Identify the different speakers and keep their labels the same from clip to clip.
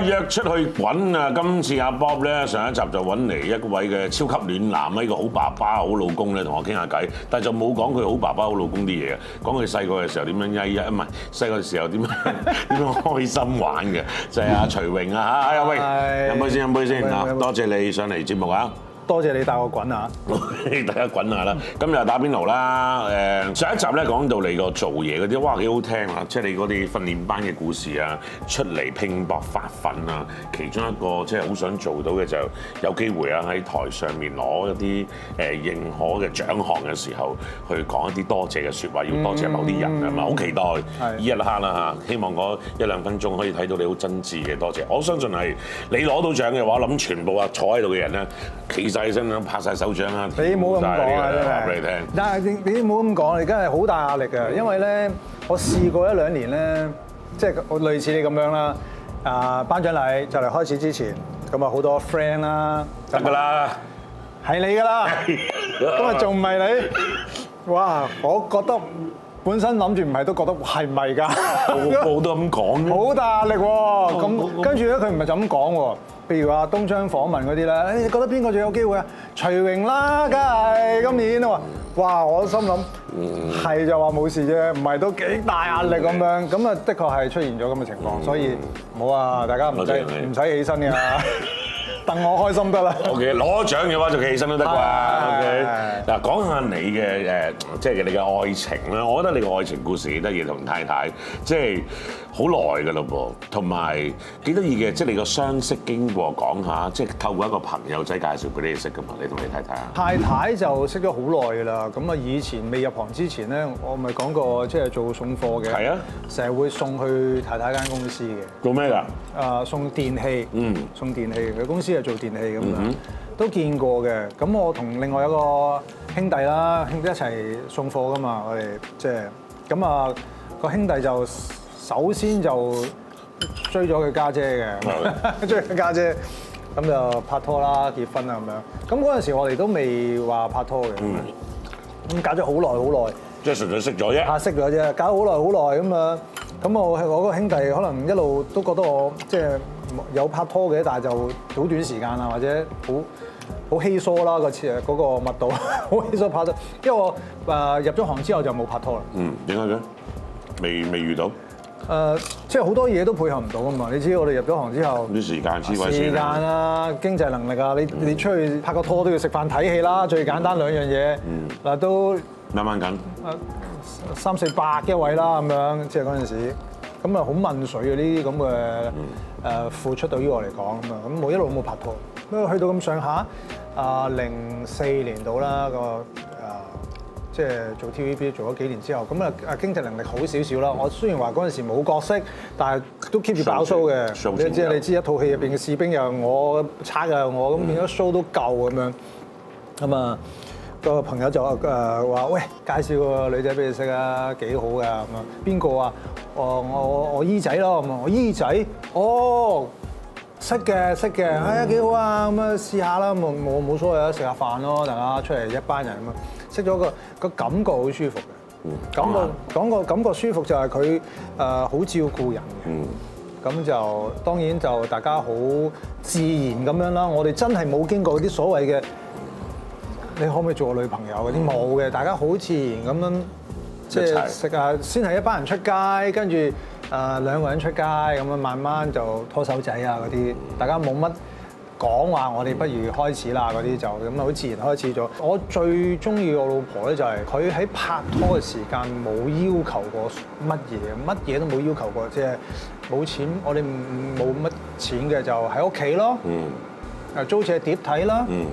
Speaker 1: 約出去滾啊！今次阿 Bob 咧，上一集就揾嚟一位嘅超級暖男，一個好爸爸、好老公咧，同我傾下偈。但係就冇講佢好爸爸、好老公啲嘢啊，講佢細個嘅時候點樣曳啊，唔係細個嘅時候點樣點樣 開心玩嘅，就係、是、阿、啊、徐榮啊！嚇、 哎，阿榮，飲、哎、杯先，飲杯先啊！喂好多謝你上嚟節目啊！喂喂
Speaker 2: 多謝你帶我滾
Speaker 1: 下，大家滾下、嗯、啦。今日打邊爐啦。誒，上一集咧講到你個做嘢嗰啲，哇幾好聽啊！即係你嗰啲訓練班嘅故事啊，出嚟拼搏發奮啊。其中一個即係好想做到嘅就，有機會啊喺台上面攞一啲誒、呃、認可嘅獎項嘅時候，去講一啲多謝嘅説話，要多謝某啲人啊嘛。好、嗯、期待依是的 一刻啦、啊、嚇！希望嗰一兩分鐘可以睇到你好真摯嘅多謝。我相信係你攞到獎嘅話，諗全部啊坐喺度嘅人咧，其細聲咁拍曬手掌啦，你唔好咁講啦，真係。講
Speaker 2: 俾你聽，但係你你唔好咁講啦，你真係好大壓力㗎。因為咧，我試過一兩年咧，即係類似你咁樣啦。啊，頒獎禮就嚟開始之前，咁啊好多 friend 啦，得㗎啦，係你㗎啦，今日仲唔係你？哇，我覺得本身諗住唔係，都覺得係唔係㗎？冇得咁講，好大壓力喎。咁跟住咧，佢唔係就咁講喎。譬如話東張訪問嗰啲咧，你、哎、覺得邊個最有機會啊？徐榮啦，梗係今年啦！哇，我心諗，係、嗯、就話冇事啫，唔係都幾大壓力咁、嗯、樣，咁啊，的確係出現咗咁嘅情況，所以好、嗯、啊，大家唔使唔使起身㗎你。 等我開心得啦。O K，
Speaker 1: 攞獎嘅話就起身都得啩。O K，嗱，講下你嘅誒，即係你嘅愛情啦。我覺得你嘅愛情故事幾得意，同太太即係好耐㗎啦噃。同埋幾得意嘅，即係你個相識經過講下，即係透過一個朋友仔介紹俾你哋識㗎嘛。你同你太太啊？
Speaker 2: 太太就識咗好耐㗎啦。咁啊，以前未入行之前咧，我咪講過即係做送貨嘅。係啊，成日會送去太太間公司嘅。做咩㗎？呃，送電器。嗯。送電器，佢公司。又做電器咁樣，都見過嘅。咁我同另外一個兄弟啦，兄弟一齊送貨噶嘛。我哋即係咁啊，個兄弟就首先就追咗佢家姐嘅，追佢家姐，咁就拍拖啦、結婚啦咁樣。咁嗰陣時我哋都未話拍拖嘅，咁搞咗好耐好耐。
Speaker 1: 即係純粹識咗啫。
Speaker 2: 吓，識咗啫，搞好耐好耐。咁啊，咁我係我個兄弟，可能一路都覺得我即係。有拍拖嘅，但係就好短時間啊，或者好好稀疏啦個次啊嗰個密度好 稀疏拍到，因為我誒、呃、入咗行之後就冇拍拖啦。
Speaker 1: 嗯，點解嘅？未未遇到？誒、
Speaker 2: 呃，即係好多嘢都配合唔到啊嘛！你知我哋入咗行之後，
Speaker 1: 啲時間、啊、姿位、時間
Speaker 2: 啊、經濟能力啊，你、嗯、你出去拍個拖都要食飯睇戲啦、啊，最簡單兩樣嘢。嗱、嗯、都慢慢緊。三四百嘅位啦、啊，咁樣即係嗰陣時。咁啊，好問水啊！呢啲咁嘅誒付出，對於我嚟講咁啊，咁我、嗯、一路冇拍拖，不過去到咁上下啊，零四年度啦個誒，即係、嗯呃就是、做 TVB 做咗幾年之後，咁啊，經濟能力好少少啦。嗯、我雖然話嗰陣時冇角色，但係都 keep 住爆 show 嘅。你即係你知一套戲入邊嘅士兵又我，差又、嗯、我，我，咁變咗 show 都夠咁樣咁啊。嗯個朋友就話誒話喂，介紹個女仔俾你識啊，幾好㗎咁樣。邊個啊？哦，我我姨仔咯，咁啊，我姨仔、嗯、我姨仔哦，識嘅識嘅，係、哎、啊，幾好啊，咁、嗯、啊試下啦，冇冇所謂啦，食下飯咯，大家出嚟一班人咁啊，識咗個個感覺好舒服嘅。感覺感覺感覺舒服就係佢誒好照顧人嘅。咁就當然就大家好自然咁樣啦。我哋真係冇經過啲所謂嘅。你可唔可以做我女朋友嗰啲冇嘅？大家好自然咁樣即係食啊，就是、齊先係一班人出街，跟住誒兩個人出街咁樣，慢慢就拖手仔啊嗰啲。大家冇乜講話，我哋不如開始啦嗰啲就咁啊，好自然開始咗。我最中意我老婆咧就係佢喺拍拖嘅時間冇要求過乜嘢，乜嘢都冇要求過，即係冇錢，我哋冇乜錢嘅就喺屋企咯，啊、嗯、租隻碟睇啦。嗯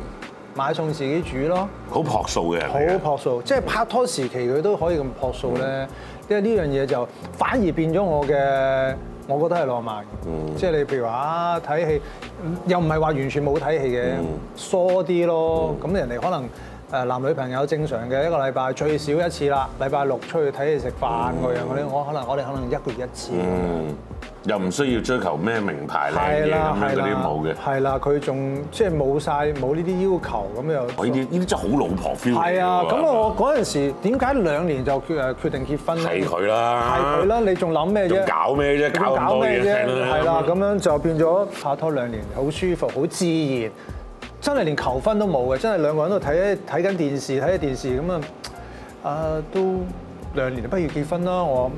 Speaker 2: 買餸自己煮咯，
Speaker 1: 好樸素嘅。好
Speaker 2: 樸素，即係拍拖時期佢都可以咁樸素咧，嗯、因為呢樣嘢就反而變咗我嘅，我覺得係浪漫。嗯、即係你譬如話睇戲，又唔係話完全冇睇戲嘅，嗯、疏啲咯。咁、嗯、人哋可能。誒男女朋友正常嘅一個禮拜最少一次啦，禮拜六出去睇戲食飯嗰樣啲，我可能我哋可能一個月一次。
Speaker 1: 嗯，又唔需要追求咩名牌靚嘢咁樣嗰啲
Speaker 2: 嘅。係啦，佢仲即係冇晒，冇呢啲要求咁又。呢啲呢啲真係好老婆 feel 嚟㗎喎。係啊，咁我嗰陣時點解兩年就決誒決定結婚咧？係佢啦，係佢啦，你仲諗咩啫？搞
Speaker 1: 咩啫？搞咩啫？係啦，
Speaker 2: 咁樣就變咗拍拖兩年，好舒服，好自然。真係連求婚都冇嘅，真係兩個人都睇睇緊電視，睇緊電視咁啊！啊、呃，都兩年不如結婚啦！我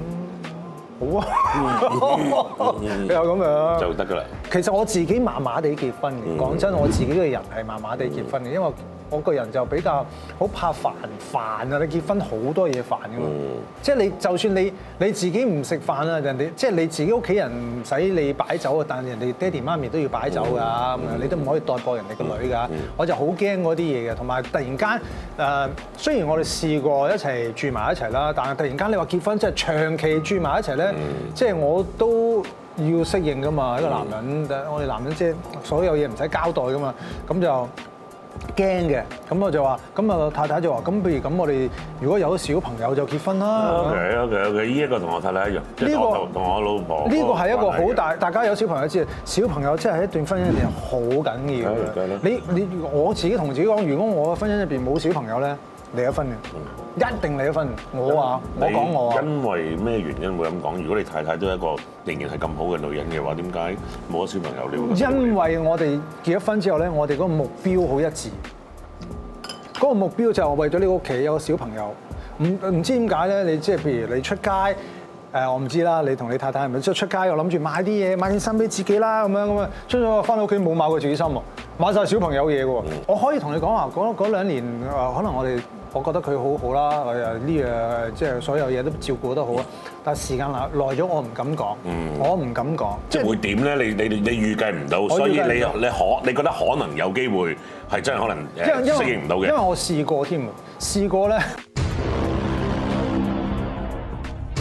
Speaker 2: 諗、嗯、好啊，又 咁 樣就得㗎啦。其實我自己麻麻地結婚嘅，講、嗯、真我自己嘅人係麻麻地結婚嘅，因為。我個人就比較好怕煩，煩啊！你結婚好多嘢煩噶嘛，嗯、即係你就算你你自己唔食飯啊，人哋即係你自己屋企人唔使你擺酒啊，但係人哋爹哋媽咪都要擺酒噶，嗯、你都唔可以代表人哋個女噶。嗯嗯、我就好驚嗰啲嘢嘅，同埋突然間誒、呃，雖然我哋試過一齊住埋一齊啦，但係突然間你話結婚即係長期住埋一齊咧，嗯、即係我都要適應噶嘛。一個男人，我哋男人即係所有嘢唔使交代噶嘛，咁就。驚嘅，咁我就話，咁啊太太就話，咁不如咁，我哋如果有小朋友就結婚啦。OK
Speaker 1: OK OK，呢一個同我太太一樣，呢、呢個同我、呢個、我老婆。呢個係一個好
Speaker 2: 大，大家有小朋友知啊，小朋友真係一段婚姻入邊好緊要，嗯、你你我自己同自己講，如果我嘅婚姻入邊冇小朋友咧。離咗婚嘅，嗯、一定離咗婚。我話我講我，因
Speaker 1: 為咩原因會咁講？如果你太太都係一個仍然係咁好嘅女人嘅話，點解冇咗小朋友你會？因
Speaker 2: 為我哋結咗婚之後咧，我哋嗰個目標好一致，嗰、嗯、個目標就係為咗你屋企有個小朋友。唔唔知點解咧？你即係譬如你出街。誒、呃、我唔知啦，你同你太太係咪即係出街又諗住買啲嘢買件衫俾自己啦咁樣咁樣？出咗翻到屋企冇買過自己衫喎，買曬小朋友嘢嘅喎。嗯、我可以同你講話嗰兩年、呃、可能我哋我覺得佢好好啦，呢樣即係所有嘢都照顧得好啊。但係時間耐耐咗，我唔敢講，嗯、我唔敢講。
Speaker 1: 即係即會點咧？你你你，你，你預計唔到，所以你你可你覺得可能有機會係真係可能誒、呃、適應唔到嘅。因為
Speaker 2: 我試過添，試過咧。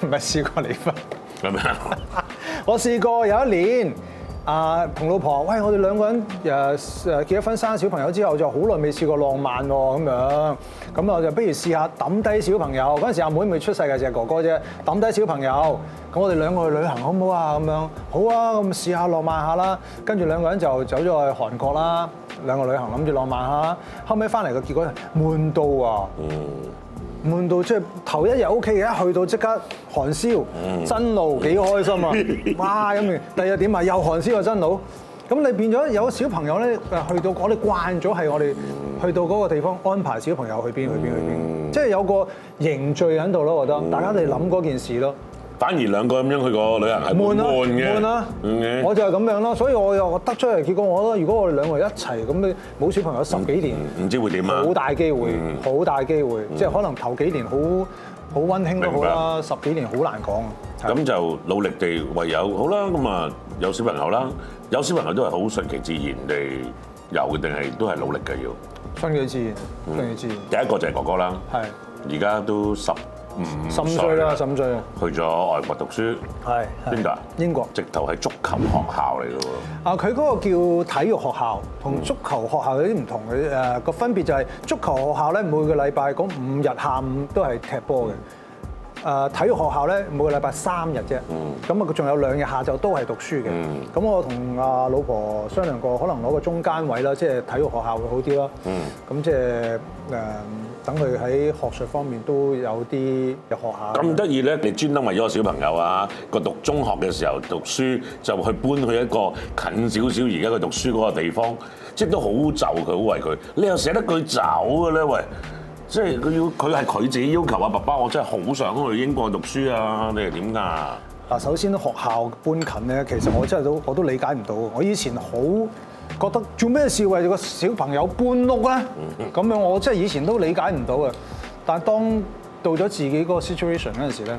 Speaker 2: 唔係試過離婚，明唔明啊？ 我試過有一年，啊同老婆，喂，我哋兩個人，誒誒結咗婚生咗小朋友之後，就好耐未試過浪漫喎、啊，咁樣，咁啊我就不如試下揼低小朋友。嗰陣時阿妹未出世嘅就係哥哥啫。揼低小朋友，咁我哋兩個去旅行好唔好啊？咁樣，好啊，咁試下浪漫下啦。跟住兩個人就走咗去韓國啦，兩個旅行諗住浪漫下。後尾翻嚟嘅結果悶到啊！嗯悶到即係，頭一日 O K 嘅，一去到即刻寒燒，真露幾開心啊！哇，咁樣，第二日點啊？又寒燒又真露，咁你變咗有小朋友咧，誒去到我哋慣咗係我哋去到嗰個地方安排小朋友去邊去邊去邊，即係有個凝聚喺度咯，我覺得，嗯、大家嚟諗嗰件事咯。反而兩個咁樣去個旅行係悶嘅，我就係咁樣咯。所以我又得出嚟結果，我覺得如果我哋兩個人一齊咁，你冇小朋友十幾年，
Speaker 1: 唔知會點啊？好大機會，
Speaker 2: 好大機會，即係可能頭幾年好好溫馨都好啦，十幾年好難講。
Speaker 1: 咁就努力地，唯有好啦。咁啊，有小朋友啦，有小朋友都係好順其自然，你有定係都係努力嘅要。
Speaker 2: 順其自
Speaker 1: 然，順其自然。第一個就係哥哥啦。係。而家都十。十五歲啦，十五歲啊，去咗外國讀書，係邊度？英國，直頭係足球學校嚟嘅
Speaker 2: 喎。啊，佢嗰個叫體育學校，同足球學校有啲唔同嘅誒、嗯啊、個分別就係足球學校咧每個禮拜嗰五日下午都係踢波嘅。誒、嗯、體育學校咧每個禮拜三日啫，咁啊佢仲有兩日下晝都係讀書嘅。咁、嗯、我同阿老婆商量過，可能攞個中間位啦，即係體育學校會好啲咯。嗯，咁即係誒。嗯等佢喺學術方面都有啲學下。咁
Speaker 1: 得意咧，你專登為咗小朋友啊，個讀中學嘅時候讀書就去搬去一個近少少，而家佢讀書嗰個地方，即係都好就佢，好為佢。你又捨得佢走嘅咧？喂，即係佢要佢係佢自己要求啊！爸爸，我真係好想去英國讀書啊！你係點㗎？嗱，
Speaker 2: 首先學校搬近咧，其實我真係都我都理解唔到。我以前好，覺得做咩事為個小朋友搬屋咧？咁樣 我真係以前都理解唔到嘅。但係當到咗自己嗰個 situation 嗰陣時咧，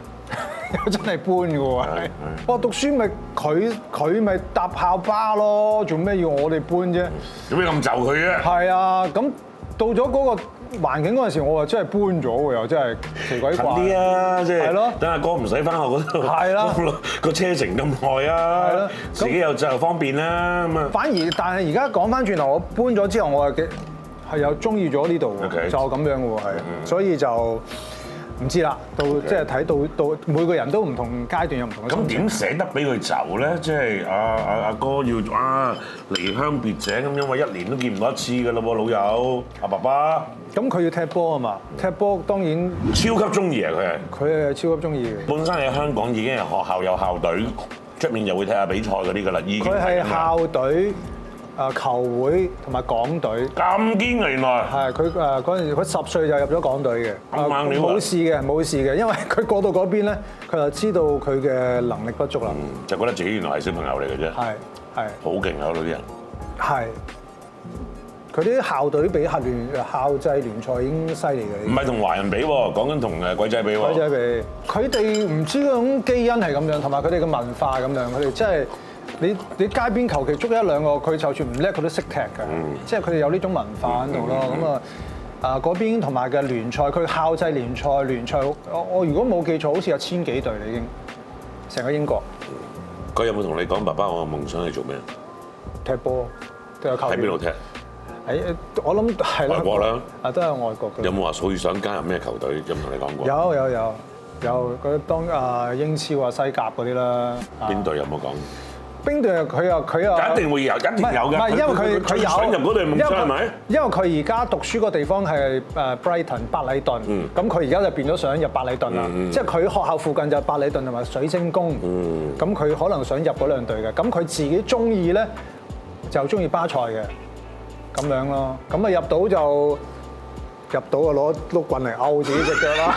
Speaker 2: 真係搬㗎喎。我、哦、讀書咪佢佢咪搭校巴咯，做咩要我哋搬啫？做咩咁就佢啊？係啊，咁到咗嗰、嗰個。環境嗰陣時，我又真係搬咗喎，又真係奇鬼怪。近啲啊，即、就、係、是、是的 等阿哥唔使翻學嗰度，個是的 車程咁耐啊，的自己又就又方便啦。咁啊那，反而但係而家講翻轉頭，我搬咗之後，我又係又中意咗呢度就咁樣喎，係，所以就。唔知啦，到 Okay. 即係睇到到每個人都唔同階段有唔同嘅。咁點捨
Speaker 1: 得俾佢走咧？即係阿阿阿哥要啊離鄉別井咁，因為一年都見唔到一次噶啦噃，老友阿、啊、爸爸。咁佢、嗯、要踢波啊嘛，踢波當然。超級中意啊！佢。
Speaker 2: 佢係超級中意嘅。本身喺香港已經係
Speaker 1: 學校有校隊，出面就會踢下比賽嗰啲噶啦，已經。佢係校
Speaker 2: 隊。啊，球會同埋港隊，咁堅啊，原來係佢。誒，嗰陣時佢十歲就入咗港隊嘅。冇事嘅，冇事嘅，因為佢過到嗰邊咧，佢就知道佢嘅能力不足啦。嗯，
Speaker 1: 就覺得自己原來係小朋友嚟嘅啫。係，係好勁啊，嗰啲人
Speaker 2: 係佢。啲校隊比校聯，校際聯賽已經犀利嘅。唔係
Speaker 1: 同華人比，講緊同誒，鬼仔比。鬼仔
Speaker 2: 比。佢哋唔知嗰種基因係咁樣，同埋佢哋嘅文化咁樣，佢哋真係。你你街邊求其捉一兩個，佢就算唔叻，佢都識踢嘅，即係佢哋有呢種文化喺度咯。咁啊啊嗰邊同埋嘅聯賽，佢校際聯賽聯賽，我我如果冇記錯，好似有千幾隊你已經成個英國。
Speaker 1: 佢有冇同你講，爸爸我嘅夢想係做咩？
Speaker 2: 踢波踢球。喺邊度踢？喺我諗係咯。外國啦。啊，都係外國嘅。有冇
Speaker 1: 話好想加入咩球隊？有冇同你講過？
Speaker 2: 有有有有，佢當啊英超啊西甲嗰啲啦。邊
Speaker 1: 隊有冇講？
Speaker 2: 邊隊？佢又佢又，一定會有，一定有嘅。唔係是是因為佢佢有，因為佢而家讀書個地方係誒 Brighton 白禮頓，咁佢而家就變咗想入白禮頓啦。即係佢學校附近就係白禮頓同埋水晶宮，咁佢、嗯、可能想入嗰兩隊嘅。咁佢自己中意咧就中意巴塞嘅，咁樣咯。咁啊入到就。入到啊！攞碌棍嚟拗自己隻腳啦，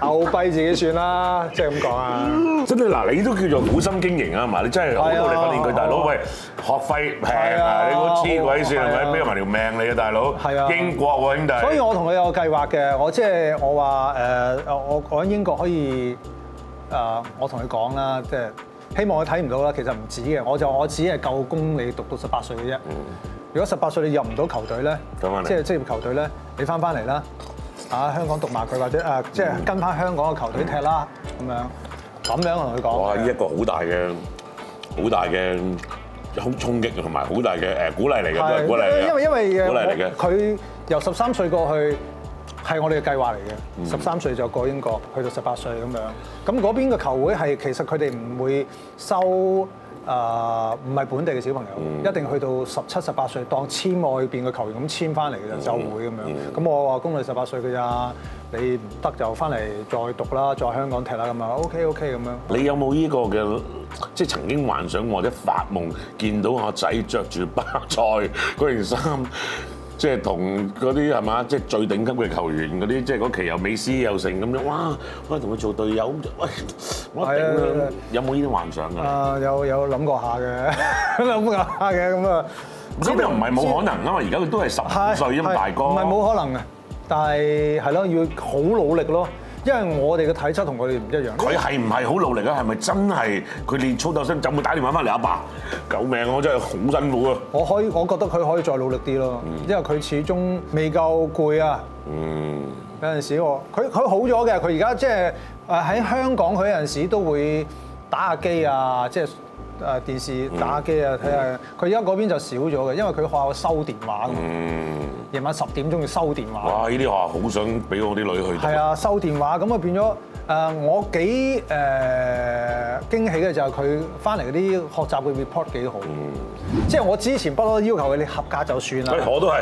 Speaker 2: 拗跛自己算啦，即係咁講啊！
Speaker 1: 真係嗱，你都叫做苦心經營啊嘛！你真係好努力揾錢，佢、啊、大佬喂學費平啊，啊！你估黐鬼算？係咪？俾埋條命你啊，大佬！係啊，啊英國喎兄弟。所以
Speaker 2: 我同佢有個計劃嘅，我即係我話誒，我我喺英國可以誒，我同佢講啦，即係。希望我睇唔到啦，其實唔止嘅，我就我只係夠供你讀到十八歲嘅啫。嗯、如果十八歲你入唔到球隊咧，即係職業球隊咧，你翻返嚟啦，啊香港讀埋佢或者啊、呃嗯、即係跟翻香港嘅球隊踢啦，咁、嗯、樣咁樣
Speaker 1: 同佢講。哇！呢、這、一個好大嘅好大嘅衝衝擊同埋好大嘅誒、呃、鼓勵嚟嘅，都係鼓勵。因為因為誒
Speaker 2: 佢由十三歲過去。係我哋嘅計劃嚟嘅，十三歲就過英國，去到十八歲咁樣。咁嗰邊嘅球會係其實佢哋唔會收啊，唔、呃、唔係本地嘅小朋友，嗯、一定去到十七、十八歲當簽外邊嘅球員咁簽翻嚟嘅就會咁樣。咁、嗯、我話供女十八歲嘅咋，你唔得就翻嚟再讀啦，再香港踢啦咁啊。OK OK 咁樣。
Speaker 1: 你有冇呢個嘅即係曾經幻想或者發夢見到個仔着住白菜嗰件衫？即係同嗰啲係嘛，即係最頂級嘅球員嗰啲，即係嗰期有美又美斯又成咁樣，哇！可以同佢做隊友，喂，我有冇呢啲幻想㗎？啊、
Speaker 2: 呃，有有諗過下嘅，諗 下嘅咁啊！
Speaker 1: 咁道又唔係冇可能啊嘛！道而家佢都係十五歲咁大個，唔係冇可能
Speaker 2: 嘅，但係係咯，要好努力咯。因為我哋嘅體質同佢哋唔一樣。佢係
Speaker 1: 唔係好努力咧？係咪真係佢練操鬥身就會打電話翻嚟？阿爸，爸，救命！我真係好辛苦啊！
Speaker 2: 我可以，我覺得佢可以再努力啲咯。嗯，因為佢始終未夠攰啊。嗯。有陣時我佢佢好咗嘅，佢而家即係喺香港，佢有陣時都會打下機啊，即係。誒電視打機啊，睇下佢而家嗰邊就少咗嘅，因為佢學校收電話
Speaker 1: 嘅。
Speaker 2: 夜、嗯、晚十點鐘要收電話。哇！呢
Speaker 1: 啲學校好想俾我啲女去。係啊，
Speaker 2: 收電話咁啊變咗誒，我幾誒驚喜嘅就係佢翻嚟嗰啲學習嘅 report 幾好。即係、嗯、我之前不嬲要求佢，你合格就算啦。我都係。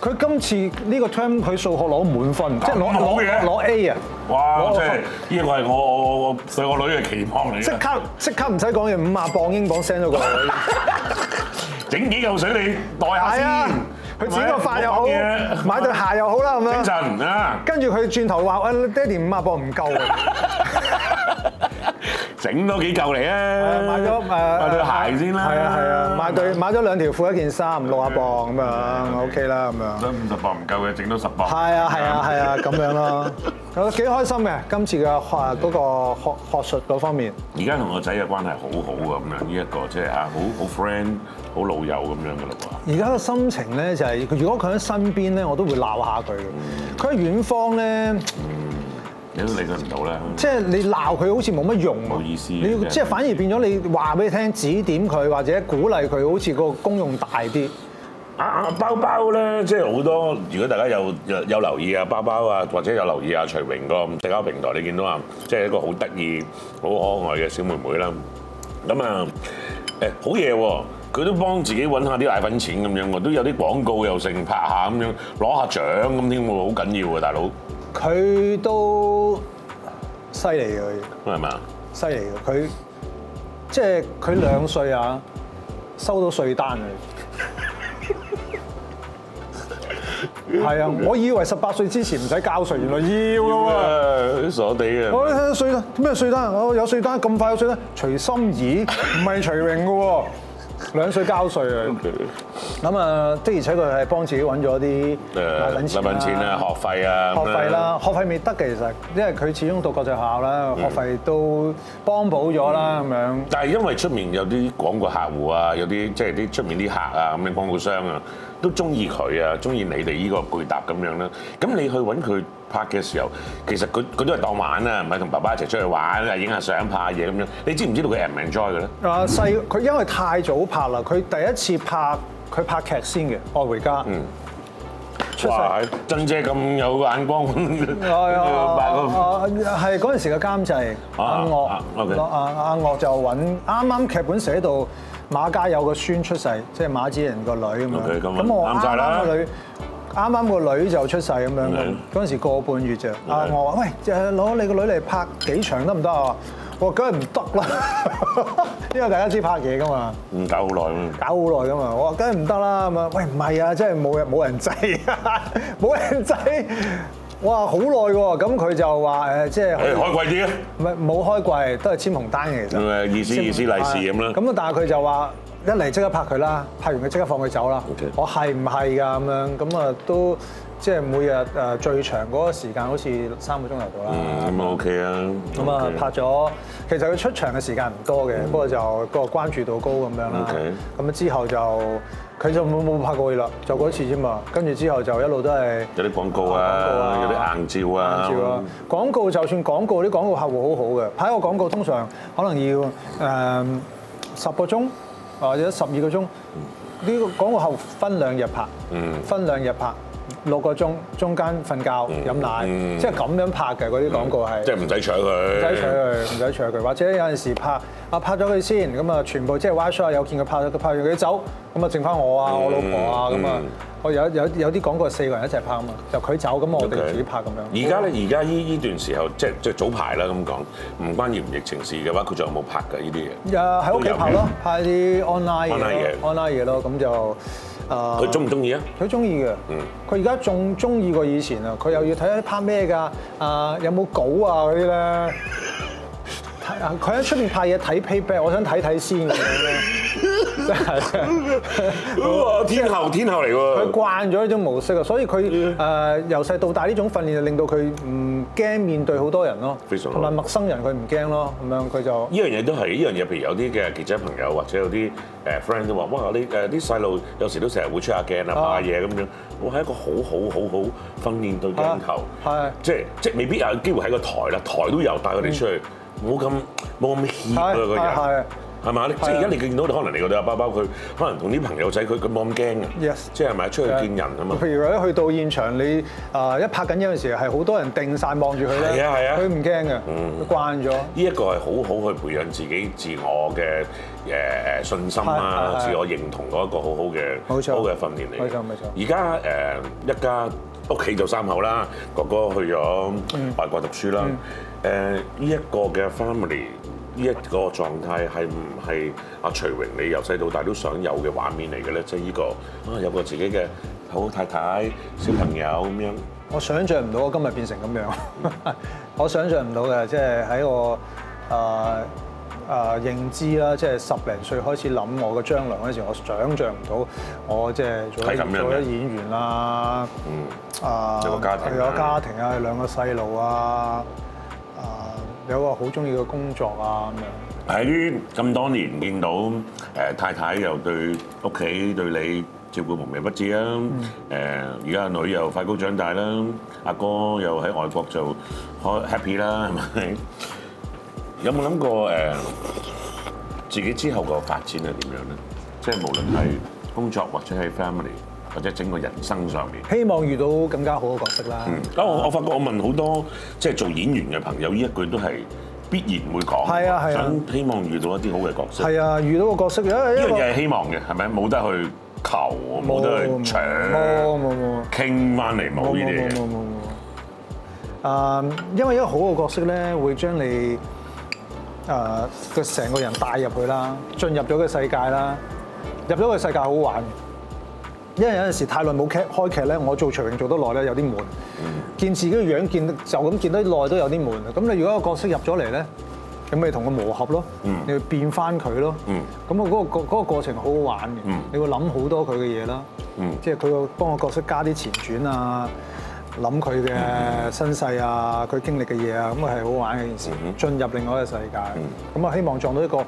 Speaker 2: 佢今次呢個 term 佢數學攞滿分，即係攞攞嘢攞 A 啊！哇，即係呢個係我我我對我女嘅期望嚟，即刻即刻唔使講嘢，五萬磅英鎊 send 咗過嚟，整 幾嚿水你袋下先。佢剪個髮又好，的買對鞋又好啦咁、啊、樣。頂啊！跟住佢轉頭話：我爹哋五萬磅唔夠。 整多幾嚿嚟啊！買咗誒買對鞋先啦。係啊係啊，買對買咗兩條褲一件衫，六啊磅咁樣，OK 啦咁樣。得五十磅唔夠嘅，整多十磅。係啊係啊係啊，咁樣咯，幾開心嘅。今次嘅學嗰個學學術嗰方面，
Speaker 1: 而家同個仔嘅關係好好嘅咁樣，呢一個即係嚇好好 friend，好老友咁樣
Speaker 2: 嘅嘞喎。而家嘅心情咧就係，如果佢喺身邊咧，我都會鬧下佢；佢喺遠方咧。
Speaker 1: 你都理
Speaker 2: 解唔到咧，即係你鬧佢好似冇乜用，冇意思。你即係反而變咗，你話俾佢聽，指點佢或者鼓勵佢，好似個功用大啲，啊。
Speaker 1: 啊啊包包咧，即係好多。如果大家有有，有留意啊，包包啊，或者有留意阿、啊、徐榮個社交平台，你見到啊，即係一個好得意、好可愛嘅小妹妹啦。咁啊，誒好嘢喎！佢都幫自己揾下啲奶粉錢咁樣，我都有啲廣告又成拍下咁樣攞下獎咁添，好緊要啊，大
Speaker 2: 佬！佢都犀利㗎，係咪啊？犀利㗎！佢即係佢兩歲啊， 收到稅單啊！係 啊，我以為十八歲之前唔使交稅，原來要㗎、啊、喎！啊、傻地嘅，我都睇到稅單，咩、哦、稅單？我有稅單咁快有稅單，徐心怡唔係徐榮嘅喎。兩歲交稅啊！咁啊， 的而且佢係幫自己揾咗啲奶粉錢啊，學
Speaker 1: 費啊，學費啦，
Speaker 2: 學費未得嘅其實，因為佢始終讀國際學校啦，嗯、學費都幫補咗啦咁樣。
Speaker 1: 但係因為出面有啲廣告客戶啊，有啲即係啲出面啲客啊，咁樣廣告商啊。都中意佢啊，中意你哋呢個對搭咁樣啦。咁你去揾佢拍嘅時候，其實佢佢都係當玩啊，唔係同爸爸一齊出去玩啊，影下相拍下嘢咁樣。你知唔知道佢係唔 enjoy 嘅咧？
Speaker 2: 啊細佢因為太早拍啦，佢第一次拍佢拍劇先嘅《愛回家》。嗯出哇！真姐咁有眼光，拍個係嗰陣時嘅監製阿岳，阿阿岳就揾啱啱劇本寫到馬家有個孫出世，即、就、係、是、馬子仁個女咁、okay, 這樣剛剛。咁我啱曬啦！啱啱個女，啱啱個女就出世咁樣。嗰陣 Okay. 時個半月啫。Okay. 阿岳話：喂，就攞你個女嚟拍幾場得唔得啊？我梗係唔得啦，因為大家知拍嘢噶嘛，唔
Speaker 1: 搞好耐，
Speaker 2: 搞好耐噶嘛，我話梗係唔得啦咁樣，喂唔係啊，即係冇人冇人制啊，冇人制，我話好耐喎，咁佢就話誒即係、欸、開季啲啊，唔係冇開貴，都係簽紅單嘅、嗯、意思意思利是咁啦，咁但係佢就話一嚟即刻拍佢啦，拍完佢即刻放佢走啦，好的 我係唔係噶咁樣，咁啊都。即係每日誒最長嗰個時間好似三個鐘頭到啦。咁啊 OK 啊。咁啊拍咗，其實佢出場嘅時間唔多嘅，不過就個關注度高咁樣啦。咁之後就佢就冇冇拍過佢啦，就嗰次啫嘛。跟住之後就一路都係
Speaker 1: 有啲廣告啊，有啲硬照啊。
Speaker 2: 廣告就算廣告，啲廣告客戶好好嘅，拍一個廣告通常可能要誒十個鐘或者十二個鐘。呢個廣告客戶分兩日拍，分兩日拍。六個鐘，中間瞓覺飲奶，即係咁樣拍嘅嗰啲廣告係，即係唔使搶佢，唔使搶佢，唔使搶佢。或者有陣時拍，啊拍咗佢先，咁啊全部即係 Y Show 有見佢拍咗，佢拍完佢走，咁啊剩翻我啊我老婆啊，咁啊我有有有啲廣告四個人一齊拍啊嘛，就佢走咁我哋自己拍咁樣。而
Speaker 1: 家咧，而家呢呢段時候，即係即係早排啦咁講，唔關嚴疫情事嘅話，佢仲有冇拍㗎呢啲嘢？
Speaker 2: 呀喺屋企拍咯，拍啲 online 嘢，online 嘢咯，咁就。佢中唔中意啊？佢中意嘅，佢而家仲中意過以前啊！佢又要睇下啲拍咩噶？啊，有冇稿啊嗰啲咧？佢喺出面派嘢睇 payback，我想睇睇先嘅。 真係天后天后嚟喎，佢慣咗呢種模式啊，所以佢誒由細到大呢種訓練就令到佢唔驚面對好多人咯，同埋非常陌生人佢唔驚咯，咁樣佢就呢
Speaker 1: 樣嘢都係呢樣嘢。譬如有啲嘅記者朋友或者有啲誒 friend 都話：哇！你誒啲細路有時都成日會出下鏡啊，拍下嘢咁樣。我係一個好好好好訓練對鏡頭，係、啊、即係即係未必有機會喺個台啦，台都有帶佢哋出去，冇咁冇咁怯啊個人。係咪即係而家你見到可能你覺得，拜包佢，可能同啲朋友仔佢咁
Speaker 2: 冇咁驚啊！Yes，即係咪出去見人啊嘛。譬如咧，去到現場你啊一拍緊影嘅時候係好多人定晒望住佢啦。係啊係啊，佢唔驚嘅，慣咗。呢一個係好好去培
Speaker 1: 養自己自我嘅誒誒信心啊，自我認同嗰一個好好嘅好嘅訓練嚟，冇錯冇錯。而家誒一家屋企就三口啦，哥哥去咗外國讀書啦。誒呢一個嘅 family。呢一個狀態係唔係阿徐榮你由細到大都想有嘅畫面嚟嘅咧？即係呢、個可能有個自己嘅好，好太太、小朋友咁樣。
Speaker 2: 我想像唔到我今日變成咁樣， 我想像唔到嘅。即係喺我、呃、啊啊認知啦，即、啊、係、啊啊啊啊啊、十零歲開始諗我嘅將來嗰陣時，我想像唔到我即係做咗演員啦，啊、嗯，有個家庭啊，兩個細路啊。有個好中意嘅工作啊咁
Speaker 1: 樣。喺咁多年見到誒太太又對屋企對你照顧無微不至啦。誒而家女又快高長大啦。阿哥又喺外國就開 happy 啦，係咪？ 有冇諗過誒自己之後個發展係點樣咧？即係無論係工作或者係 family。或者整個人生上面，
Speaker 2: 希望遇到更加好嘅角色啦。嗯，咁我我
Speaker 1: 發覺我問好多即係做演員嘅朋友，依一句都係必然會講。係啊係啊，啊想希望遇到一啲好嘅角色。係
Speaker 2: 啊，遇到個角色，因為依個嘢係
Speaker 1: 希望嘅，係咪？冇得去求，冇得有去搶，冇冇冇。傾翻嚟冇呢啲嘢。
Speaker 2: 啊，因為一個好嘅角色咧，會將你啊佢成個人帶入去啦，進入咗個世界啦，入咗個世界，世界好玩，因為有陣時太耐冇劇開劇咧，我做徐榮做得耐，咧有啲悶，見自己個樣，樣見就咁見得耐都有啲悶。咁你如果個角色入咗嚟咧，咁咪同佢磨合咯，你會變翻佢咯。咁我嗰個嗰過程好好玩嘅，你會諗好多佢嘅嘢啦，即係佢會幫個角色加啲前傳啊，諗佢嘅身世啊，佢經歷嘅嘢啊，咁啊係好玩嘅一件事，進入另外一個世界。咁啊希望撞到一個誒、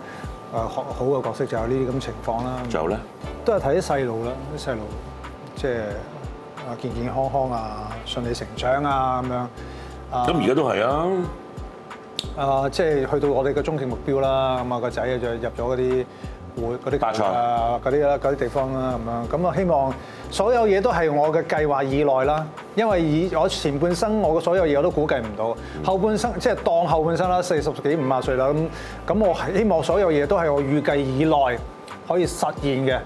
Speaker 2: 呃、好好嘅角色就是、有呢啲咁情況啦。仲有咧？都係睇啲細路啦，啲細路即係啊健健康康啊，順利成長啊咁樣。咁而家都係啊，啊即係去到我哋嘅終極目標啦。咁啊個仔啊入入咗嗰啲大賽啊嗰啲啦啲地方啦咁樣。咁啊希望所有嘢都係我嘅計劃以內啦。因為以我前半生我嘅所有嘢我都估計唔到，後半生即係當後半生啦，四十幾五啊歲啦咁。咁我希望所有嘢都係我預計以內。可以實現嘅，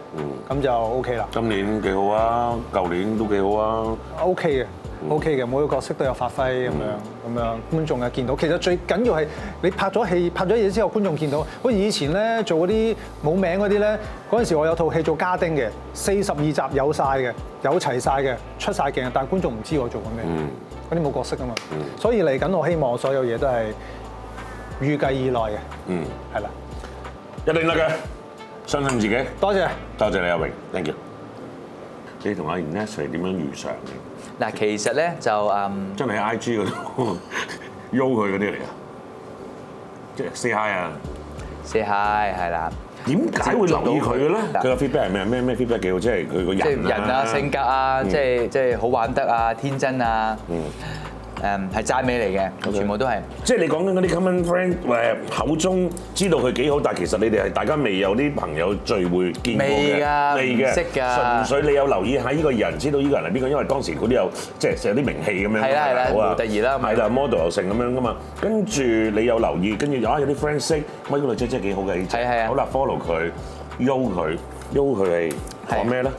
Speaker 2: 咁就 OK 啦。今年幾好啊，舊年都幾好啊。OK 嘅，OK 嘅，每個角色都有發揮咁、嗯、樣，咁樣觀眾又見到。其實最緊要係你拍咗戲、拍咗嘢之後，觀眾見到。好似以前咧做嗰啲冇名嗰啲咧，嗰陣時我有套戲做家丁嘅，四十二集有晒嘅，有齊晒嘅，出晒鏡，但係觀眾唔知我做緊咩。嗰啲冇角色㗎嘛。所以嚟緊我希望所有嘢都係預計以內嘅。嗯，
Speaker 1: 係啦吧，一定得嘅。相信自己，多謝，多謝李阿榮，thank you。你同阿 Nest 係點樣遇上嘅？嗱，其實咧就誒，真係喺 IG 嗰度，邀佢嗰啲嚟啊， 即係 say hi 啊
Speaker 2: ，say hi 係啦。
Speaker 1: 點解會留意佢嘅咧？佢個 feedback 係咩？咩咩 feedback 幾好？即係佢個人、啊，即係人啊，性格啊，即係
Speaker 2: 即係好玩得啊，天真啊。嗯誒係齋尾嚟嘅，全部都係。
Speaker 1: 即係你講緊嗰啲 common friend，誒口中知道佢幾好，但係其實你哋係大家未有啲朋友聚會見過嘅。未㗎，未嘅，識嘅。純粹你有留意下呢個人，知道呢個人係邊個，因為當時嗰啲有即係成啲名氣咁樣。係啦係啦，模特兒啦，係啦 model 又成咁樣噶嘛。跟住你有留意，跟住啊有啲 friend 識，乜嗰個女仔真係幾好嘅，係係啊，好啦 follow 佢，you 佢，you 佢係講咩咧？